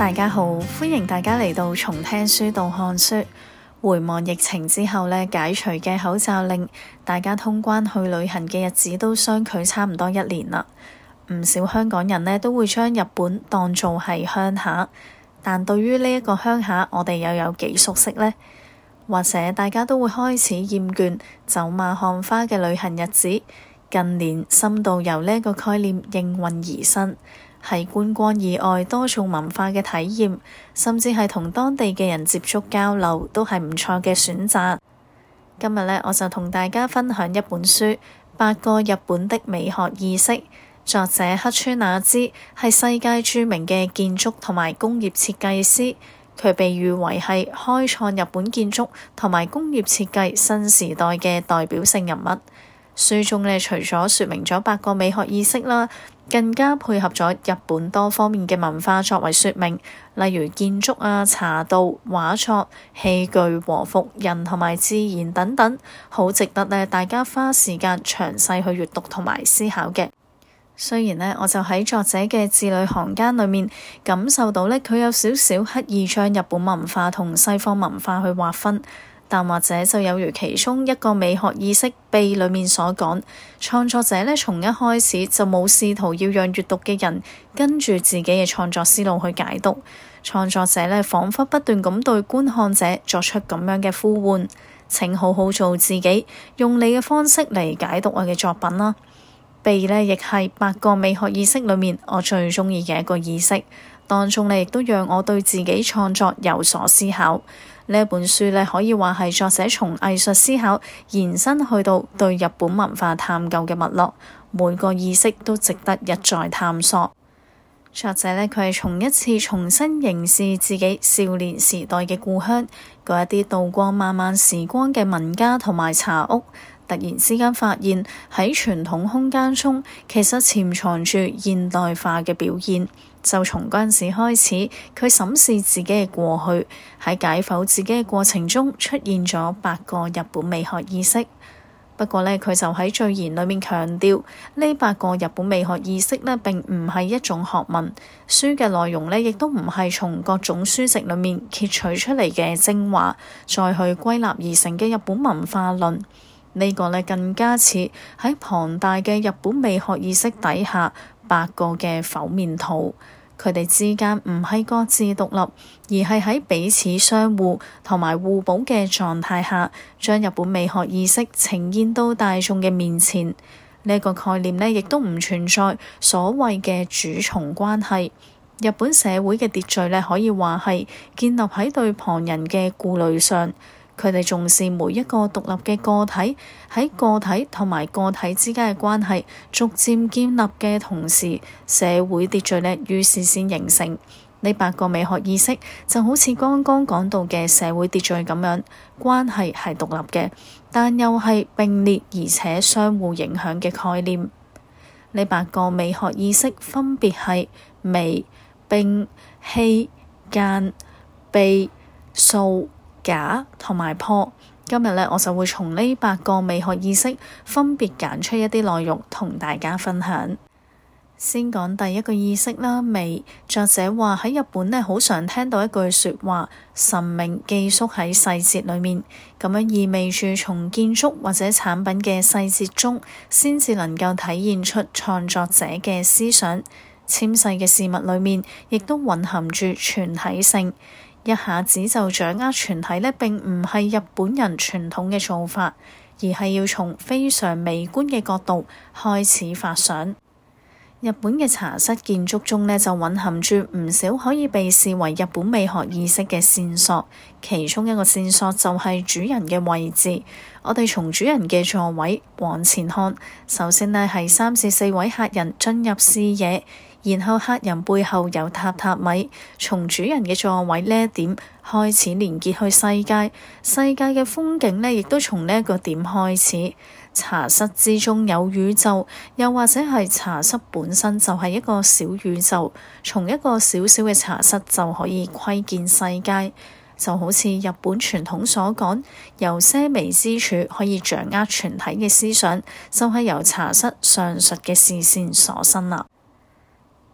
大家好，歡迎大家嚟到從聽書到看書。回望疫情之後咧，解除嘅口罩令，大家通關去旅行嘅日子都相距差唔多一年啦。唔少香港人呢都會將日本當做係鄉下，但對於呢一個鄉下，我哋又有幾熟悉呢？或者大家都會開始厭倦走馬看花嘅旅行日子，近年深度遊呢一個概念應運而生。係觀光以外多種文化嘅體驗，甚至係同當地嘅人接觸交流，都係唔錯嘅選擇。今日呢，我就同大家分享一本書《八個日本的美學意識》，作者黑川雅之係世界著名嘅建築同埋工業設計師，佢被譽為係開創日本建築同埋工業設計新時代嘅代表性人物。書中呢，除咗説明咗八個美學意識啦。更加配合咗日本多方面嘅文化作為說明，例如建築啊、茶道、畫作、器具、和服、人同埋自然等等，好值得咧大家花時間詳細去閱讀同埋思考嘅。雖然呢，我就喺作者嘅字裏行間裏面感受到呢，佢有少少刻意將日本文化同西方文化去劃分。但或者就有如其中一個美學意識秘裏面所講，創作者咧從一開始就冇試圖要讓閱讀嘅人跟住自己嘅創作思路去解讀，創作者咧仿佛不斷咁對觀看者作出咁樣嘅呼喚，請好好做自己，用你嘅方式嚟解讀我嘅作品啦。秘咧亦係八個美學意識裏面我最中意嘅一個意識。當中咧，亦都讓我對自己創作有所思考。呢一本書咧，可以話係作者從藝術思考延伸去到對日本文化探究嘅脈絡，每個意識都值得一再探索。作者呢，佢係從一次重新認識自己少年時代嘅故鄉，嗰一啲度過漫漫時光嘅民家同埋茶屋，突然之間發現喺傳統空間中，其實潛藏住現代化嘅表現。就從嗰陣時開始，佢審視自己嘅過去，喺解剖自己嘅過程中出現咗八個日本美學意識。不過呢，佢就喺序言裏面強調，呢八個日本美學意識呢，並唔係一種學問，書嘅內容呢亦都唔係從各種書籍裏面揭取出嚟嘅精華，再去歸納而成嘅日本文化論。呢個呢更加似喺龐大嘅日本美學意識底下。八個嘅否面圖，佢哋之間唔係各自獨立，而係喺彼此相互同埋互補嘅狀態下，將日本美學意識呈現到大眾嘅面前。呢一個概念呢，亦都唔存在所謂嘅主從關係。日本社會嘅秩序呢，可以話係建立喺對旁人嘅顧慮上。佢哋重視每一個獨立嘅個體喺個體同埋個體之間嘅關係，逐漸建立嘅同時，社會秩序咧於是先形成。呢八個美學意識就好似剛剛講到嘅社會秩序咁樣，關係係獨立嘅，但又係並列而且相互影響嘅概念。呢八個美學意識分別係微、並、氣、間、秘、素、假同埋破，今日咧我就會從呢八個美學意識分別揀出一啲內容同大家分享。先講第一個意識啦，美。作者話喺日本咧好常聽到一句說話，神明寄宿喺細節裏面，咁樣意味住從建築或者產品嘅細節中，先至能夠體現出創作者嘅思想。纖細嘅事物裏面，亦都蘊含住全體性。一下子就掌握全體呢，並唔係日本人傳統嘅做法，而係要從非常微觀嘅角度開始發想。日本嘅茶室建築中呢，就蘊含住唔少可以被視為日本美學意識嘅線索。其中一個線索就係主人嘅位置。我哋從主人嘅座位往前看，首先呢，係三至四位客人進入視野。然後客人背後有榻榻米，從主人嘅座位呢一點開始連結去世界。世界嘅風景呢，亦都從呢一個點開始。茶室之中有宇宙，又或者係茶室本身就係一個小宇宙。從一個小小嘅茶室就可以窺見世界，就好似日本傳統所講，由些微之處可以掌握全體嘅思想，就係由茶室上述嘅視線所生啦。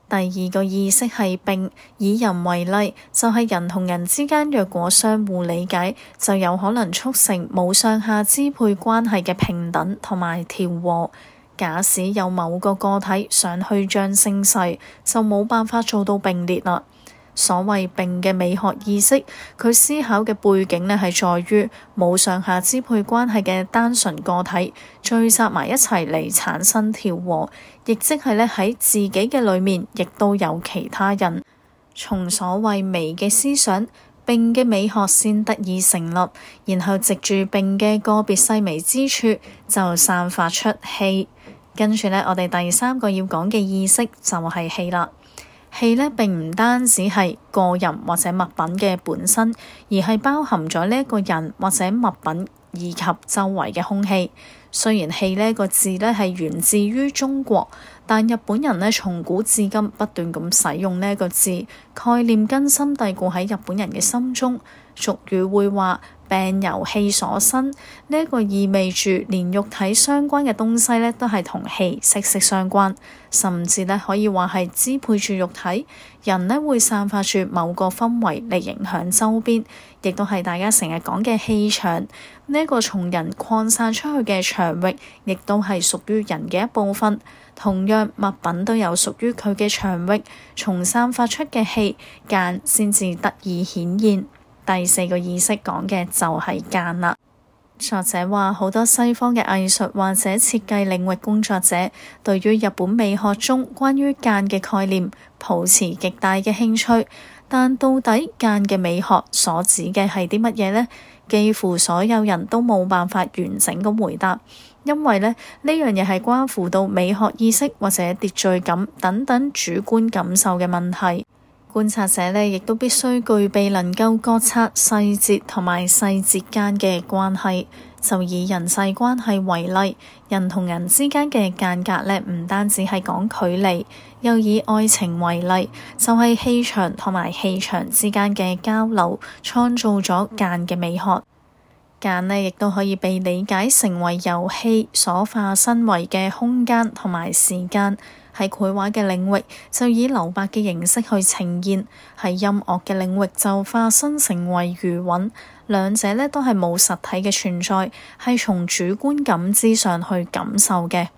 第二個意識係並，以人為例，就係、是、人同人之間若果相互理解，就有可能促成冇上下支配關係嘅平等同埋調和。假使有某個個體想去彰勝勢，就冇辦法做到並列啦。所謂「病」嘅美學意識，佢思考嘅背景呢，係在於冇上下支配關係嘅單純個體聚集埋一齊嚟產生調和，亦即係呢，喺自己嘅裏面，亦都有其他人。從所謂微嘅思想「病」嘅美學先得以成立，然後藉住「病」嘅個別細微之處就散發出氣，跟住呢，我哋第三個要講嘅意識就係氣啦。氣呢並唔單止係個人或者物品嘅本身，而係包含咗呢一個人或者物品以及周圍嘅空氣。雖然氣呢、這個字呢係源自於中國，但日本人呢從古至今不斷咁使用呢一個字，概念根深蒂固喺日本人嘅心中。俗語會話。病由氣所生，呢、這、一個意味住，連肉體相關嘅東西咧，都係同氣息息相關，甚至咧可以話係支配住肉體。人咧會散發住某個氛圍嚟影響周邊，亦都係大家成日講嘅氣場。呢、這、一個從人擴散出去嘅場域，亦都係屬於人嘅一部分。同樣物品都有屬於佢嘅場域，從散發出嘅氣間先至得以顯現。第四個意識講嘅就係間啦。作者話，好多西方嘅藝術或者設計領域工作者對於日本美學中關於間嘅概念抱持極大嘅興趣，但到底間嘅美學所指嘅係啲乜嘢呢？幾乎所有人都冇辦法完整咁回答，因為呢呢樣嘢係關乎到美學意識或者秩序感等等主觀感受嘅問題。觀察者呢，亦都必須具備能夠覺察細節同埋細節間嘅關係。就以人際關係為例，人同人之間嘅間隔呢，唔單止係講距離，又以愛情為例，就係氣場同埋氣場之間嘅交流，創造咗間嘅美學。間呢亦都可以被理解成為遊戲所化身為嘅空間同埋時間。喺繪畫嘅領域，就以留白嘅形式去呈現；喺音樂嘅領域，就化身成為餘韻。兩者呢都係冇實體嘅存在，係從主觀感知上去感受嘅。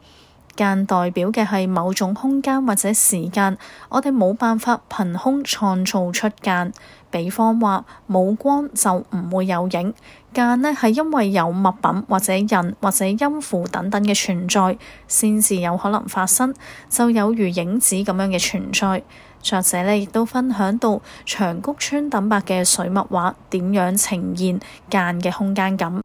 間代表嘅係某種空間或者時間，我哋冇辦法憑空創造出間。比方話冇光就唔會有影。間呢係因為有物品或者人或者音符等等嘅存在，先至有可能發生，就有如影子咁樣嘅存在。作者呢亦都分享到長谷川等伯嘅水墨畫點樣呈現間嘅空間感。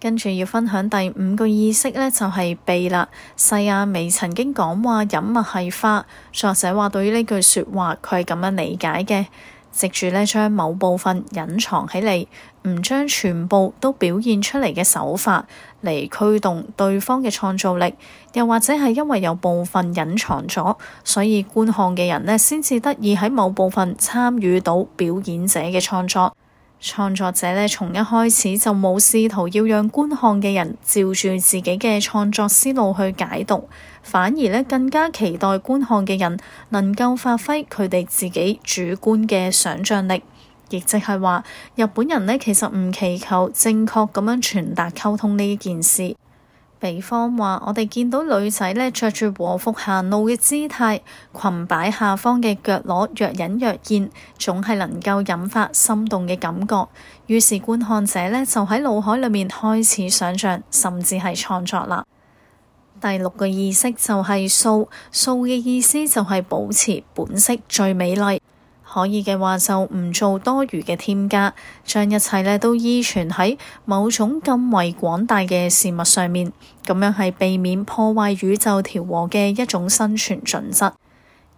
跟住要分享第五個意識呢，就係秘啦。世阿彌曾經講話飲物係花，作者話對於呢句説話佢係咁樣理解嘅。藉住咧將某部分隱藏起嚟，唔將全部都表現出嚟嘅手法嚟驅動對方嘅創造力，又或者係因為有部分隱藏咗，所以觀看嘅人咧先至得以喺某部分參與到表演者嘅創作。創作者咧從一開始就冇試圖要讓觀看嘅人照住自己嘅創作思路去解讀，反而咧更加期待觀看嘅人能夠發揮佢哋自己主觀嘅想象力，亦即係話日本人咧其實唔祈求正確咁樣傳達溝通呢件事。比方話，我哋見到女仔呢着住和服行路嘅姿態，裙擺下方嘅腳踝若隱若現，總係能夠引發心動嘅感覺。於是觀看者呢就喺腦海裏面開始想象，甚至係創作啦。第六個意識就係素，素嘅意思就係保持本色最美麗。可以嘅話，就唔做多餘嘅添加，將一切呢都依存喺某種更為廣大嘅事物上面，咁樣係避免破壞宇宙調和嘅一種生存準則。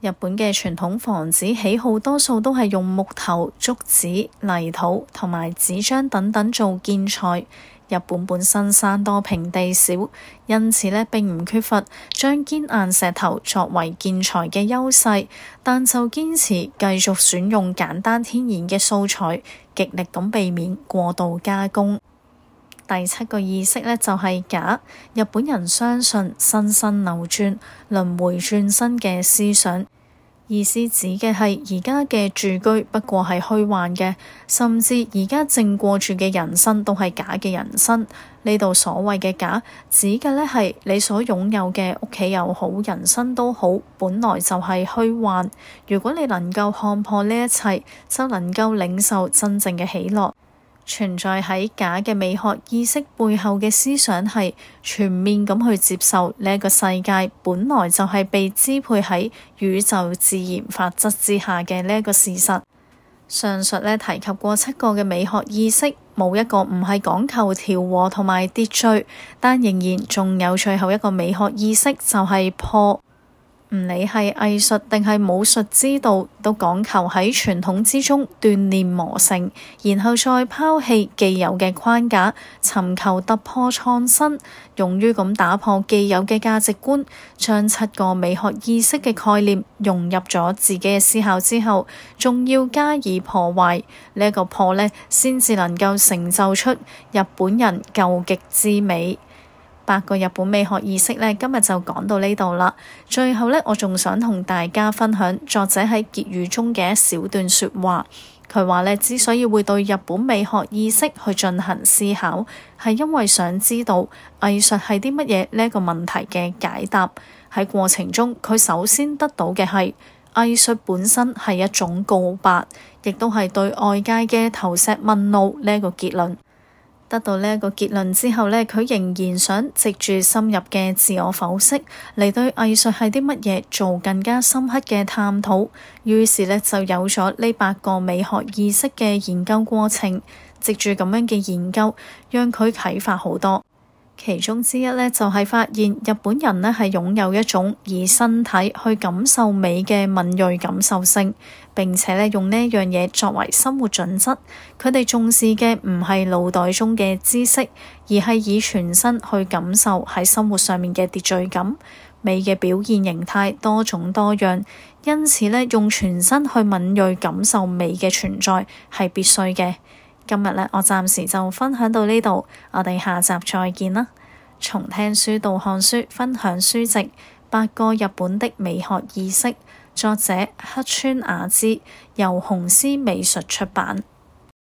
日本嘅傳統房子起好多數都係用木頭、竹子、泥土同埋紙張等等做建材。日本本身山多平地少，因此呢並唔缺乏將堅硬石頭作為建材嘅優勢，但就堅持繼續選用簡單天然嘅素材，極力咁避免過度加工。第七個意識呢，就係假，日本人相信生生流轉、輪迴轉生嘅思想。意思指嘅係而家嘅住居不過係虛幻嘅，甚至而家正過住嘅人生都係假嘅人生。呢度所謂嘅假，指嘅呢係你所擁有嘅屋企又好，人生都好，本來就係虛幻。如果你能夠看破呢一切，就能夠領受真正嘅喜樂。存在喺假嘅美學意識背後嘅思想係全面咁去接受呢一個世界本來就係被支配喺宇宙自然法則之下嘅呢一個事實。上述咧提及過七個嘅美學意識，冇一個唔係講求調和同埋秩序，但仍然仲有最後一個美學意識就係破。唔理係藝術定係武術之道，都講求喺傳統之中鍛煉磨成，然後再拋棄既有嘅框架，尋求突破創新，勇於咁打破既有嘅價值觀，將七個美學意識嘅概念融入咗自己嘅思考之後，仲要加以破壞呢一個破呢，先至能夠成就出日本人究極之美。八個日本美學意識呢，今日就講到呢度啦。最後呢，我仲想同大家分享作者喺結語中嘅一小段説話。佢話呢，之所以會對日本美學意識去進行思考，係因為想知道藝術係啲乜嘢呢個問題嘅解答。喺過程中，佢首先得到嘅係藝術本身係一種告白，亦都係對外界嘅投石問路呢個結論。得到呢一個結論之後呢，佢仍然想藉住深入嘅自我剖析嚟對藝術係啲乜嘢做更加深刻嘅探討，於是呢就有咗呢八個美學意識嘅研究過程。藉住咁樣嘅研究，讓佢啟發好多。其中之一呢，就係發現日本人呢，係擁有一種以身體去感受美嘅敏銳感受性，並且呢用呢一樣嘢作為生活準則，佢哋重視嘅唔係腦袋中嘅知識，而係以全身去感受喺生活上面嘅秩序感、美嘅表現形態多種多樣，因此呢用全身去敏銳感受美嘅存在係必須嘅。今日咧，我暫時就分享到呢度，我哋下集再見啦。從聽書到看書，分享書籍《八個日本的美學意識》，作者黑川雅之，由雄獅美術出版。